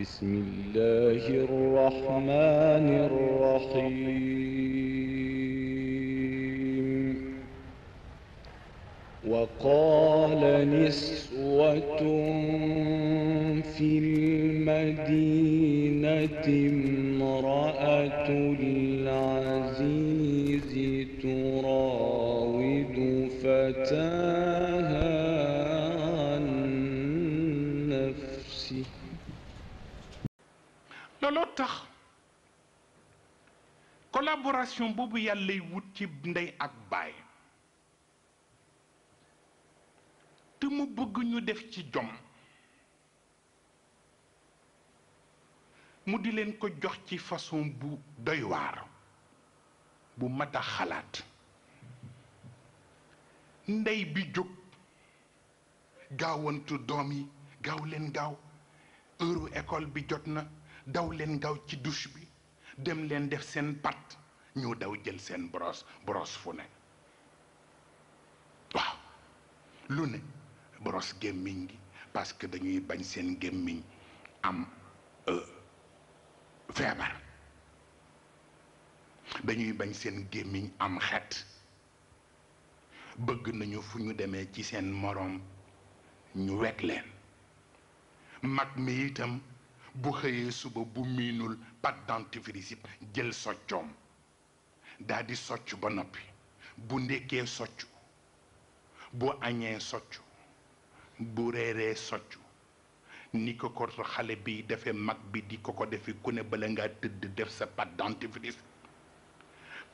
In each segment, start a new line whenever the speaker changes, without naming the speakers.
بسم الله الرحمن الرحيم وقال نسوة في المدينة امرأة العزيز تراود فتاة séparation boobu yàllay wut ci ndey ak baay te mu bëgguñu def ci jom mu di leen ko jox ci façon bu doy waar bu mata xalaat ndey bi jóg gaawantu doom yi gaaw leen gaaw heure école bi jot na daw leen gaaw ci douche bi dem def seen pat ñu daw jël seen brosse brosse fu ne waaw lu ne brosse gémmiñ gi parce que dañuy bañ seen gémmiñ am euh, feebar dañuy bañ seen gémmiñ am xet bëgg nañu fu ñu demee ci seen moroom ñu wekk leen mag mi itam bu xëyee suba bu miinul pâte dentifrice jël soccoom daal di soccu ba noppi bu ndekkee soccu bu añee soccu bu reeree soccu ni ko ko xale bi defee mag bi di ko ko defee ku ne bala nga tëdd def sa pâte dentifrice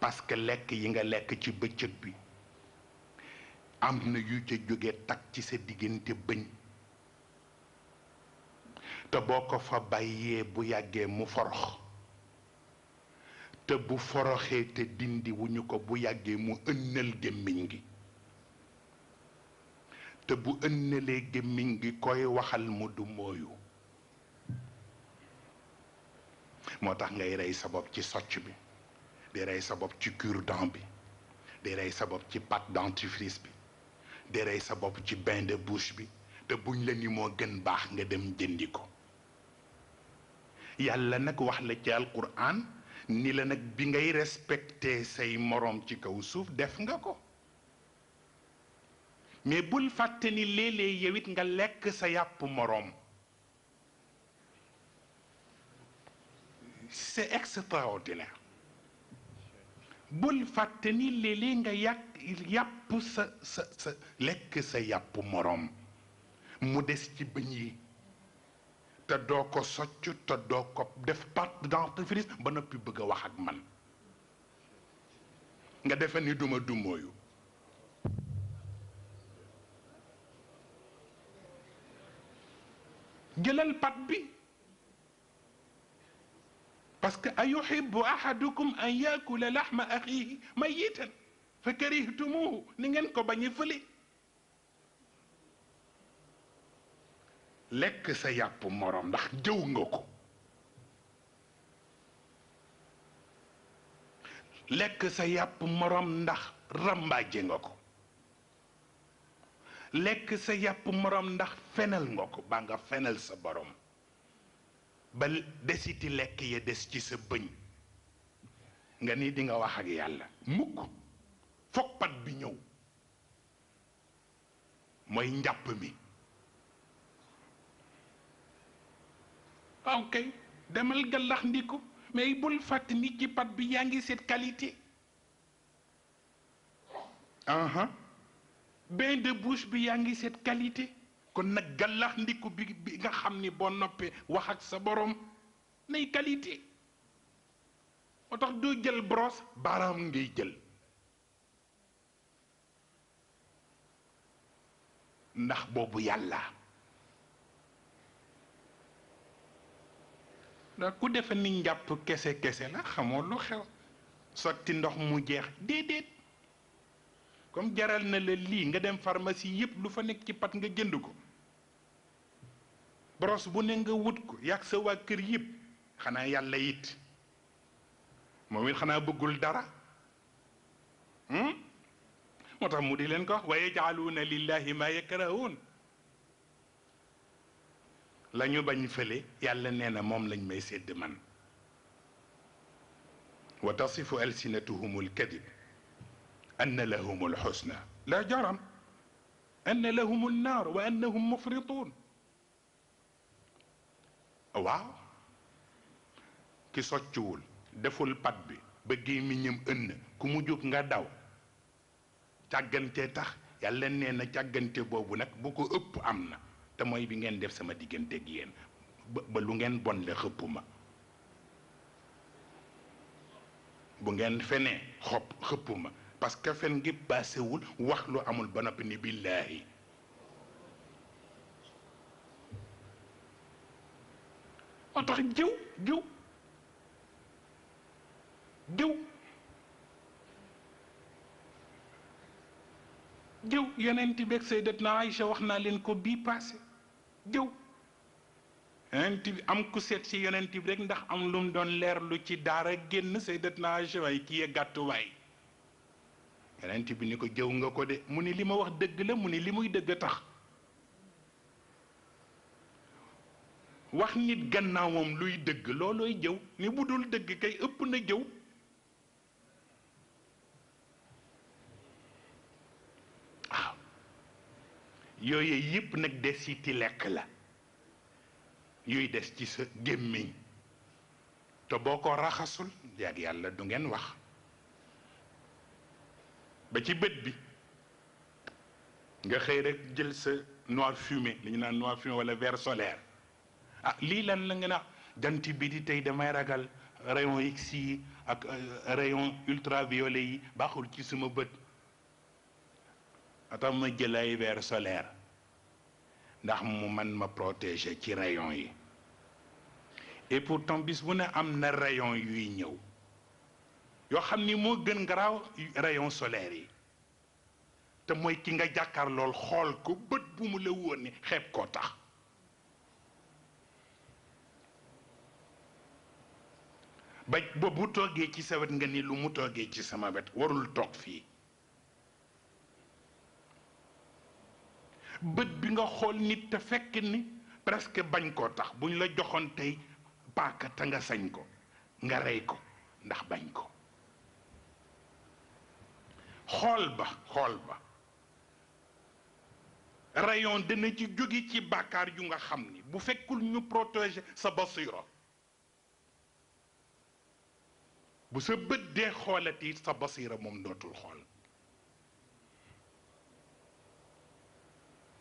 parce que lekk yi nga lekk ci bëccëg bi am na yu ca jóge takk ci sa diggante bëñ te boo ko fa bàyyee bu yàggee mu forox te bu foroxee te dindi wuñu ko bu yàggee mu ënnal gémmiñ gi te bu ënnalee gémmiñ gi koy waxal mu du mooyu moo tax ngay rey sa bopp ci socc bi di rey sa bopp ci cure bi di rey sa bopp ci pâte dentifrice bi di rey sa bopp ci bain de bi te buñ la ni moo gën baax nga dem jëndi ko yàlla nag wax la ci alquran ni la nag bi ngay respecté say moroom ci kaw suuf def nga ko mais bul fàtte ni léeg-léeg nga lekk sa yàpp moroom c'est extraordinaire bul fàtte ni léeg nga yàq yàpp sa sa sa lekk sa yàpp moroom mu des ci bëñ yi te doo ko socc te doo ko def part d'entreprise ba noppi bëgg a wax ak man nga defe ni duma dumooyu jëlal pat bi parce que ayuhibbu ahadukum an yakula laxma axihi mayitan fa karihitumuhu ni ngeen ko bañ a fële lekk sa yàpp moroom ndax jëw nga ko lekk sa yàpp moroom ndax ràmbaaje nga ko lekk sa yàpp moroom ndax fenal nga ko ba nga fenal sa boroom ba desiti lekk ya des ci sa bëñ nga ni dinga wax ak yàlla mukk fokk pat bi ñëw mooy njàpp mi waaw demal gàllax ndiku mais bul fàtt nit ci pat bi yaa ngi seet qualité aha bain bi yaa ngi seet qualité kon nag gàllax ndiku bi bi nga xam ni boo noppee wax ak sa boroom nay qualité moo tax doo jël brosse baaraam ngay jël ndax boobu yàlla ndax ku defe ni njàpp kese kese la xamoo lu xew sotti ndox mu jeex déedéet comme jaral na la lii nga dem pharmacie yépp lu fa nekk ci pat nga jënd ko boros bu ne nga wut ko yàgg sa waa kër yépp xanaa yàlla yit moom it xanaa bëggul dara hmm? moo tax mu di leen ko wax wa yajaaluuna lillahi ma yakrahuun lañu bañ فلي yalla neena mom lañ may sedd man وتصف ألسنتهم الكذب أن لهم الحسنى لا جرم أن لهم النار وأنهم مفرطون واو كي سوتشول دفو البات بي بغي مينيم ان كومو جوك nga daw tagante tax yalla neena tagante bobu nak bu ko upp amna te bi ngeen def sama diggante ak yéen ba lu ngeen bon la xëpp ma bu ngeen fenee xob xëpp ma parce que fen ngi paasewul wax lu amul ba noppi ni billaahi moo tax jëw jëw jëw jëw yonent beeg Sayyidatna Aïcha wax naa leen ko bii passé diw yonent bi am ku seet ci yonent bi rek ndax am lu mu doon leerlu ci daara génn sayyidatna Aïcha waay kii yee gàttu waay yonent bi ni ko jëw nga ko de mu ni li ma wax dëgg la mu ni li muy dëgg tax wax nit gannaawam luy dëgg loolooy jëw ni bu dul dëgg kay ëpp na jëw yooyu yëpp nag des ci ti lekk la yuy des ci sa gémmiñ te boo ko raxasul yaag yàlla du ngeen wax ba ci nga xëy rek jël sa noir fumé li ñu naan noir fumé wala verre solaire ah lii lan la nga ne jant bi di tey damay ragal rayon X yi ak rayon ultraviolet yi baaxul ci sama bët tax ma jël ay weer solaire ndax mu man ma protéger ci rayon yi et pourtant bis bu ne am na rayon yuy ñëw yoo xam ni moo gën garaaw rayon solaire yi te mooy ki nga jàkkaar lool xool ko bët bu mu la woon ni xeeb koo tax ba ba bu toogee ci sa wet nga ni lu mu toogee ci sama wet warul toog fii bët bi nga xool nit te fekk ni presque bañ koo tax buñ la joxoon tey paaka te nga sañ ko nga rey ko ndax bañ ko xool ba xool ba rayon dina ci jóge ci bàkkaar yu nga xam ni bu fekkul ñu protéger sa basira bu sa bët dee xoolati sa basira moom dootul xool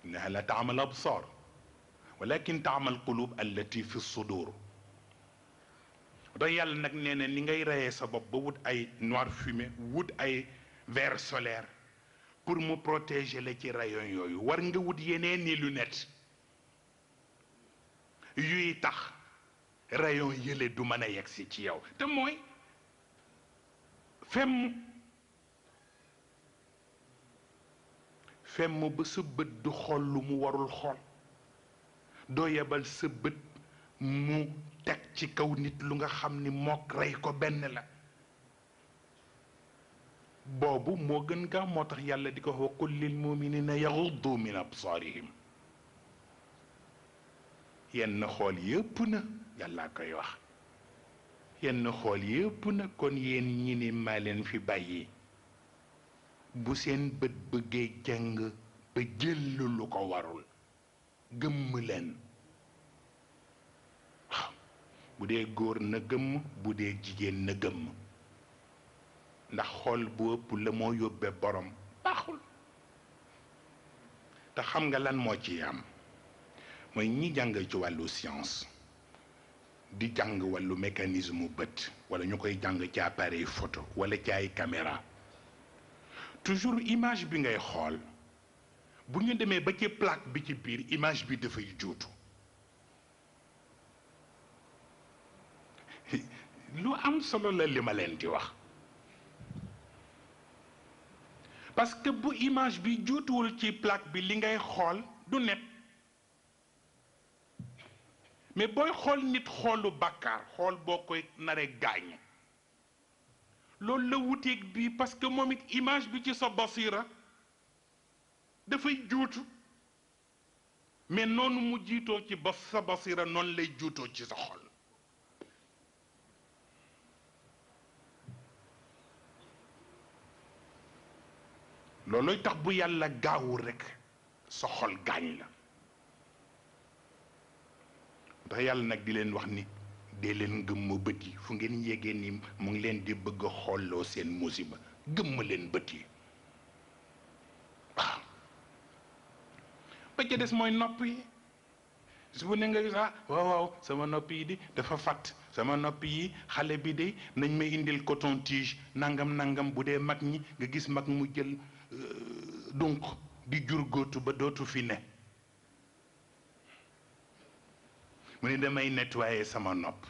إنها لا تعمل أبصار ولكن تعمل قلوب التي في الصدور day yàlla nag nee na ni ngay reyee sa bopp ba wut ay noir fumé wut ay verre solaire pour mu protéger la ci rayon yooyu war nga wut yeneen ni lunette yuy tax rayon yële du mën a yegsi ci yow te mooy femm femm ba sa bët du xol lu mu warul xol do yebal sa bët mu teg ci kaw nit lu nga xam ni mook rey ko benn la boobu moo gën gaa moo tax yàlla di ko wax qul lil muminina yaxuddu min absarihim yenn xool yépp na yàllaa koy wax yenn xool yépp na kon yéen ñi ni maa leen fi bàyyi bu seen bët bëggee jàng ba jël lu ko warul gëmm leen waaw bu dee góor na gëmm bu dee jigéen na gëmm ndax xool bu ëpp la moo yóbbe borom baaxul te xam nga lan moo ci am mooy ñi jàng ci wàllu science di jàng wàllu mécanisme bët wala ñu koy jàng ci appareil photo wala ci ay caméra toujours image bi ngay xool bu ñu demee ba ci plaque bi ci biir image bi dafay juutu lu am solo la li ma leen di wax parce que bu image bi juutuwul ci plaque bi li ngay xool du net mais booy xool nit xoolu bàkkaar xool boo koy naree gaañ loolu la wuteeg bii parce que moom it image bi ci sa basira dafay juutu mais noonu mu jiitoo ci bas sa basira noonu lay juutoo ci sa xol loolooy tax bu yàlla gaawu rekk sa xol gaañ la ndax yàlla nag di leen wax ni dee leen gëmm bët yi fu ngeen yégee nii mu ngi leen di bëgg a xooloo seen musiba ma leen bët yi waaw ba ca des mooy nopp yi su bu ne nga sax ah, waaw waaw sama nopp yi di dafa fàtt sama nopp yi xale bi de nañ may indil coton tige nangam nangam bu dee mag ñi nga gis mag mu jël euh, dunq di jur góotu ba dootu fi ne mu ne damay nettoyer sama nopp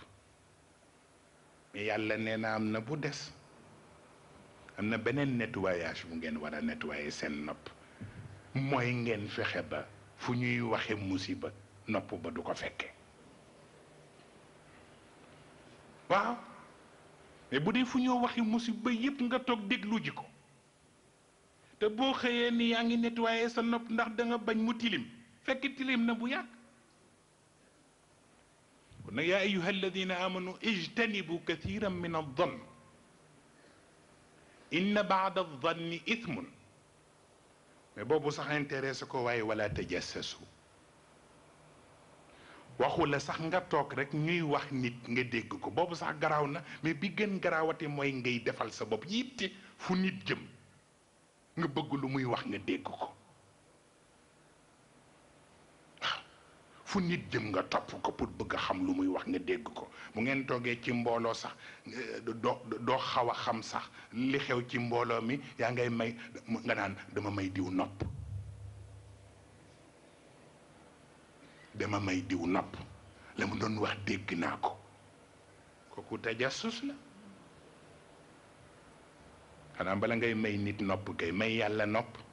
mais yàlla nee na am na bu des am na beneen nettoyage bu ngeen war a seen nopp mooy ngeen fexe ba fu ñuy waxe musiba nopp ba du ko fekke waaw mais bu dee fu ñoo waxe musiba yépp nga toog déglu ji ko te boo xëyee ni yaa ngi nettoyer sa nopp ndax danga bañ mu tilim fekk tilim na bu yàgg قلنا يا أيها الذين آمنوا اجتنبوا كثيرا من الظن إن بعد الظن إثم بابو صح انتريسكو واي ولا waaye wala tajassasu waxu la sax nga tok rek ñuy wax nit nga dégg ko boobu sax garaaw na mais bi gën garaawate mooy ngay defal sa bopp yitte fu nit jëm nga bëgg lu muy wax nga dégg ko fu nit jëm nga topp ko pour bëgg a xam lu muy wax nga dégg ko mu ngeen toogee ci mbooloo sax eh, doo doo xaw a xam sax li xew ci mbooloo mi yaa ngay may nga naan dama may diw nopp dama may diw nopp la mu doon wax dégg naa ko kooku tajassus la xanaa bala ngay may nit nopp kay may yàlla nopp